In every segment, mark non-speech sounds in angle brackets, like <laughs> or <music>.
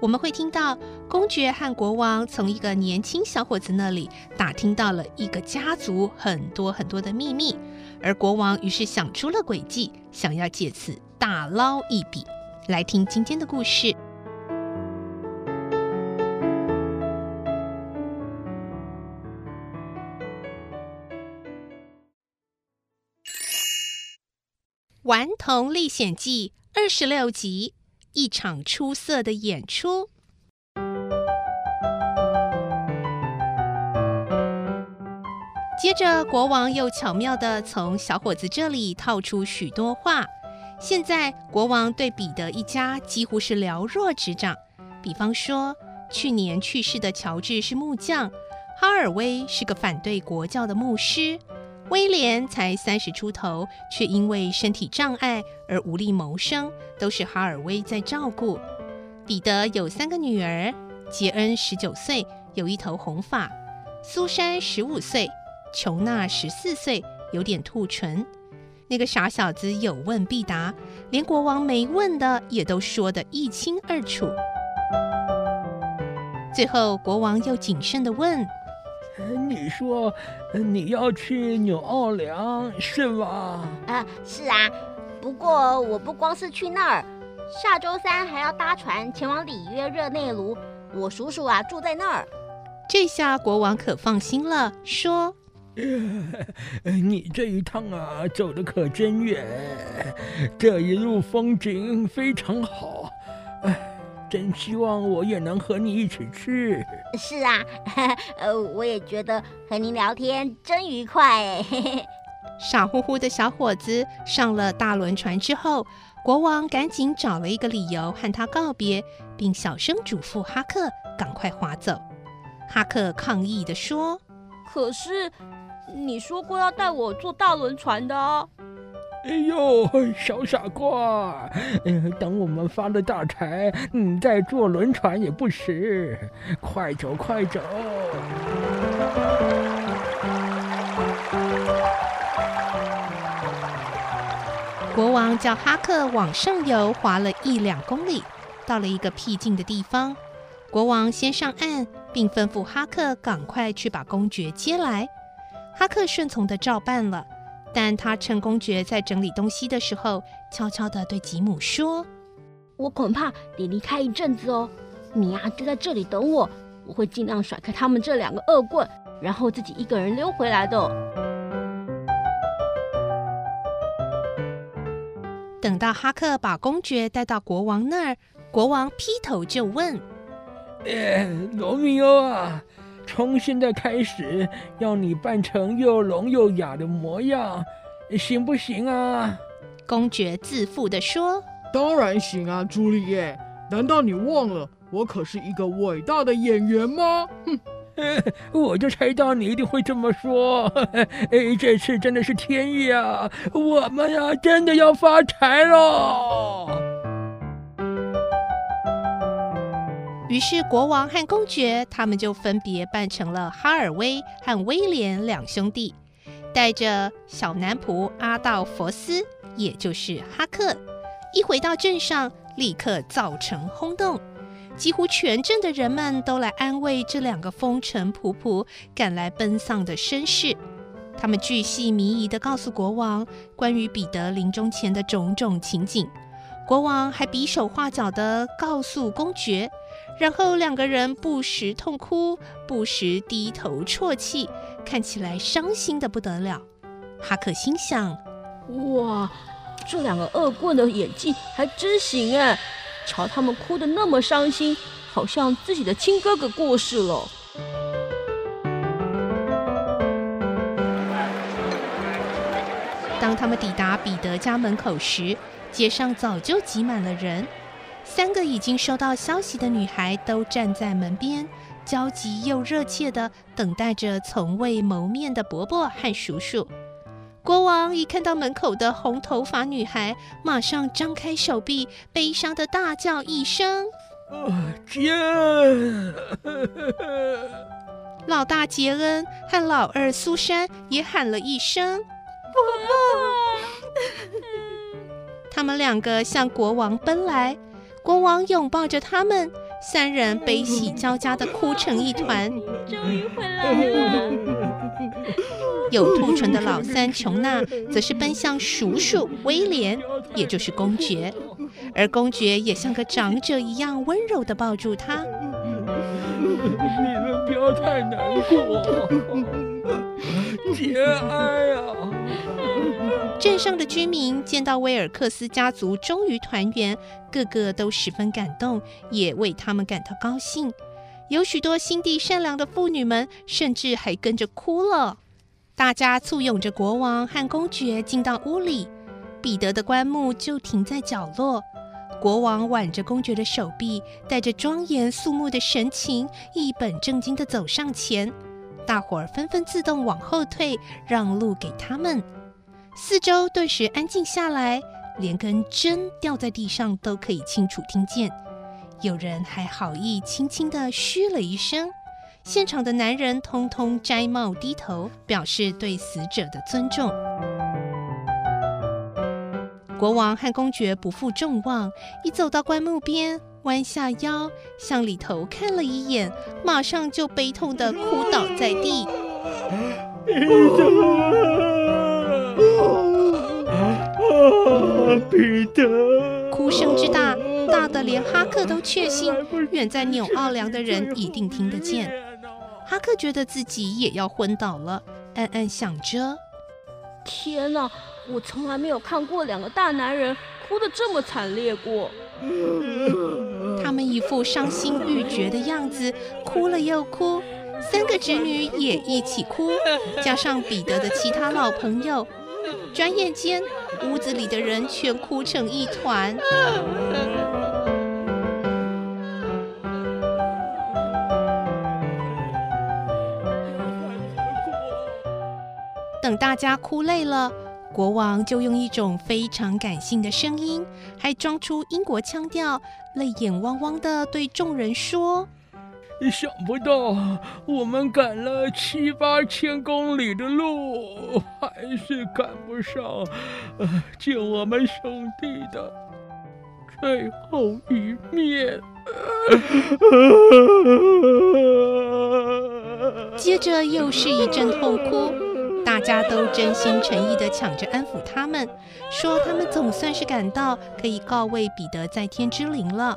我們會聽到公爵和國王從一個年輕小伙子那裡打聽到了一個家族很多很多的秘密，而國王於是想出了詭計，想要借此大撈一筆。來聽今天的故事。《頑童歷險記》二十六集。一場出色的演出。接着，國王又巧妙地從小伙子這裡套出許多話。現在，國王對彼得一家幾乎是瞭如指掌。比方說，去年去世的喬治是木匠，哈爾威是個反對國教的牧師。威廉才三十出頭，卻因為身體障礙而無力謀生，都是哈爾威在照顧。彼得有三個女兒：傑恩十九歲，有一頭紅髮；蘇珊十五歲；瓊娜十四歲，有點兔唇。那個傻小子有問必答，連國王沒問的也都說得一清二楚。最後，國王又謹慎地問，你說你要去紐奧良是嗎？啊，是啊。不過我不光是去那兒，下周三還要搭船前往里約熱內盧，我叔叔啊住在那兒。這下國王可放心了，說：“ <laughs> 你這一趟啊，走得可真遠，這一路風景非常好。”真希望我也能和你一起去。是啊，呵呵，呃，我也覺得和您聊天真愉快 <laughs> 傻乎乎的小夥子上了大輪船之後，國王趕緊找了一個理由和他告別，並小聲囑咐哈克趕快划走。哈克抗議的說：“可是你說過要帶我坐大輪船的哦。”哎呦，小傻瓜！等我們發了大財，你再坐輪船也不遲。快走，快走！國王叫哈克往上游劃了一兩公里，到了一個僻靜的地方。國王先上岸，並吩咐哈克趕快去把公爵接來。哈克順從的照辦了。但他趁公爵在整理東西的時候，悄悄的對吉姆說：“我恐怕得離開一陣子哦，你呀、啊、就在這裡等我，我會盡量甩開他們這兩個惡棍，然後自己一個人溜回來的、哦。”等到哈克把公爵帶到國王那兒，國王劈頭就問：“哎，羅密歐啊！”從現在開始，要你扮成又聾又啞的模樣，行不行啊？公爵自負地說：“當然行啊，朱麗葉！難道你忘了我可是一個偉大的演員嗎？哼，我就猜到你一定會這麼說。這次真的是天意啊，我們呀、啊，真的要發財嘍！”於是，國王和公爵他們就分別扮成了哈爾威和威廉兩兄弟，帶着小男僕阿道佛斯，也就是哈克，一回到鎮上，立刻造成轟動。幾乎全鎮的人們都來安慰這兩個風塵僕僕趕來奔喪的紳士。他們巨細靡遺地告訴國王關於彼得臨終前的種種情景。國王還比手畫腳地告訴公爵。然後兩個人不時痛哭，不時低頭啜泣，看起來傷心的不得了。哈克心想：“哇，這兩個惡棍的演技還真行哎！瞧他們哭的那麼傷心，好像自己的親哥哥過世了。”當他們抵達彼得家門口時，街上早就擠滿了人。三個已經收到消息的女孩都站在門邊，焦急又熱切的等待着從未謀面的伯伯和叔叔。國王一看到門口的紅頭髮女孩，馬上張開手臂，悲傷的大叫一聲：“啊呀！”老大傑恩和老二蘇珊也喊了一聲：“ <laughs> 伯伯！” <laughs> 他們兩個向國王奔來。國王擁抱着他們，三人悲喜交加地哭成一團。終於回來了！有兔唇的老三瓊娜則是奔向叔叔威廉，也就是公爵，而公爵也像個長者一樣溫柔地抱住他。你們不要太難過，節哀啊。鎮上的居民見到威爾克斯家族終於團圓，個個都十分感動，也為他們感到高興。有許多心地善良的婦女們，甚至還跟着哭了。大家簇擁着國王和公爵進到屋裡，彼得的棺木就停在角落。國王挽着公爵的手臂，帶着莊嚴肅穆的神情，一本正經地走上前。大夥兒紛紛自動往後退，讓路給他們。四周頓時安靜下來，連根針掉在地上都可以清楚聽見。有人還好意輕輕的噓了一聲。現場的男人通通摘帽低頭，表示對死者的尊重。國王和公爵不負眾望，一走到棺木邊，彎下腰向裡頭看了一眼，馬上就悲痛的哭倒在地。 <laughs> <laughs> 哭聲之大，大得連哈克都確信，遠在紐奧良的人一定聽得見。哈克覺得自己也要昏倒了，暗暗想着：天哪，我從來沒有看過兩個大男人哭得這麼慘烈過。他們一副傷心欲絕的樣子，哭了又哭。三個侄女也一起哭，加上彼得的其他老朋友。轉眼間，屋子裡的人全哭成一團。 <laughs> 等大家哭累了，國王就用一種非常感性的聲音，還裝出英國腔調，淚眼汪汪的對眾人說。想不到我們趕了七八千公里的路，還是趕不上，呃、啊，見我們兄弟的最後一面。接着又是一陣痛哭，大家都真心誠意地搶着安撫他們，說他們總算是趕到，可以告慰彼得在天之靈了。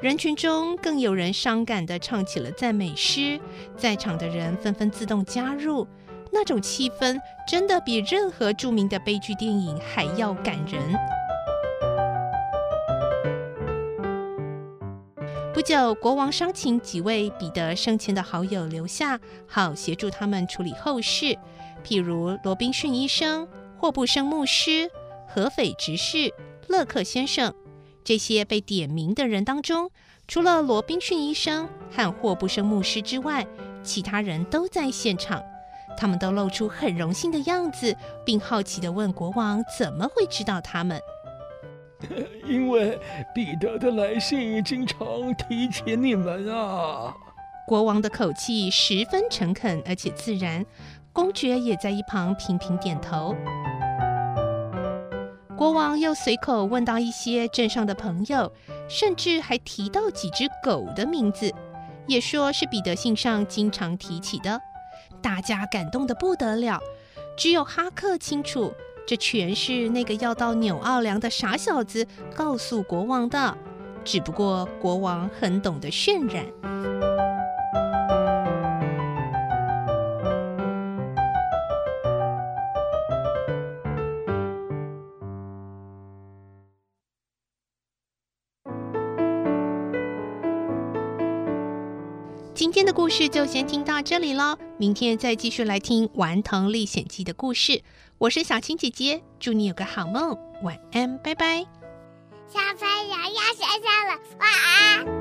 人群中更有人傷感地唱起了讚美詩，在場的人紛紛自動加入，那種氣氛真的比任何著名的悲劇電影還要感人。不久，國王商請幾位彼得生前的好友留下，好協助他們處理後事，譬如羅賓遜醫生、霍布生牧師、何斐執事、勒克先生。這些被點名的人當中，除了羅賓遜醫生和霍布生牧師之外，其他人都在現場。他們都露出很榮幸的樣子，並好奇地問國王怎麼會知道他們。因為彼得的來信經常提起你們啊！國王的口氣十分誠懇，而且自然。公爵也在一旁頻頻點頭。國王又隨口問到一些鎮上的朋友，甚至還提到幾隻狗的名字，也說是彼得信上經常提起的。大家感動得不得了，只有哈克清楚，這全是那個要到紐奧良的傻小子告訴國王的。只不過國王很懂得渲染。今天的故事就先聽到這裡嘍，明天再繼續來聽《頑童歷險記》的故事。我是小青姐姐，祝你有個好夢，晚安，拜拜。小朋友要睡覺了，晚安。